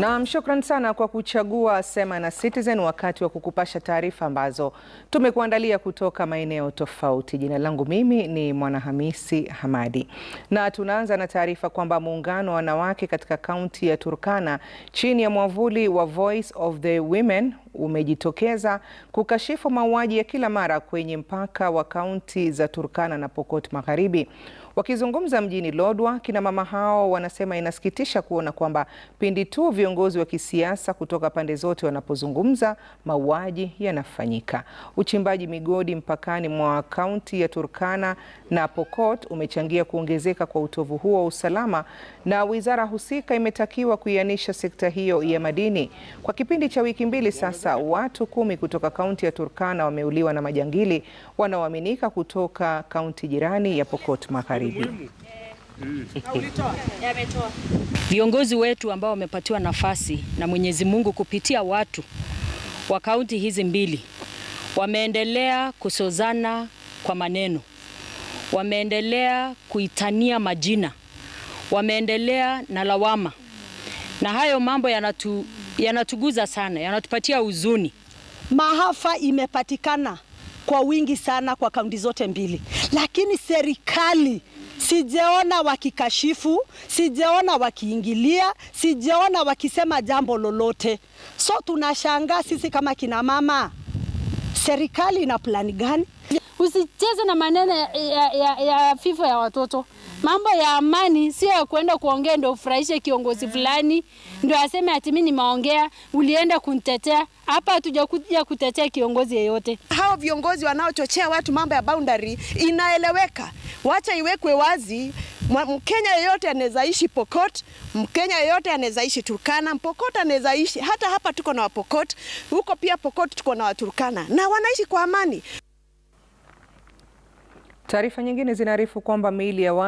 Naam, shukran sana kwa kuchagua Sema na Citizen wakati wa kukupasha taarifa ambazo tumekuandalia kutoka maeneo tofauti. Jina langu mimi ni Mwanahamisi Hamadi, na tunaanza na taarifa kwamba muungano wa wanawake katika kaunti ya Turkana chini ya mwavuli wa Voice of the Women umejitokeza kukashifu mauaji ya kila mara kwenye mpaka wa kaunti za Turkana na Pokot Magharibi. Wakizungumza mjini Lodwar, kina mama hao wanasema inasikitisha kuona kwamba pindi tu viongozi wa kisiasa kutoka pande zote wanapozungumza, mauaji yanafanyika. Uchimbaji migodi mpakani mwa kaunti ya Turkana na Pokot umechangia kuongezeka kwa utovu huo wa usalama, na wizara husika imetakiwa kuianisha sekta hiyo ya madini. Kwa kipindi cha wiki mbili sasa, watu kumi kutoka kaunti ya Turkana wameuliwa na majangili wanaoaminika kutoka kaunti jirani ya Pokot Magharibi. Viongozi wetu ambao wamepatiwa nafasi na Mwenyezi Mungu kupitia watu wa kaunti hizi mbili wameendelea kusozana kwa maneno, wameendelea kuitania majina, wameendelea na lawama, na hayo mambo yanatu, yanatuguza sana, yanatupatia huzuni. Maafa imepatikana kwa wingi sana kwa kaunti zote mbili, lakini serikali Sijaona wakikashifu, sijaona wakiingilia, sijaona wakisema jambo lolote. So tunashangaa sisi kama kina mama, serikali ina plani gani? Usicheze na maneno ya, ya, ya, ya FIFA ya watoto. Mambo ya amani sio ya kuenda kuongea ndio ufurahishe kiongozi fulani ndio aseme ati mimi nimeongea, ulienda kunitetea. Hapa hatujakuja kutetea kiongozi yeyote. Hao viongozi wanaochochea watu mambo ya boundary inaeleweka wacha iwekwe wazi. Mkenya yeyote anaweza ishi Pokot, Mkenya yeyote anaweza ishi Turkana, Pokot anaweza ishi hata hapa. Tuko na Wapokot huko, pia Pokot tuko na Waturkana na wanaishi kwa amani. Taarifa nyingine zinaarifu kwamba miili ya watu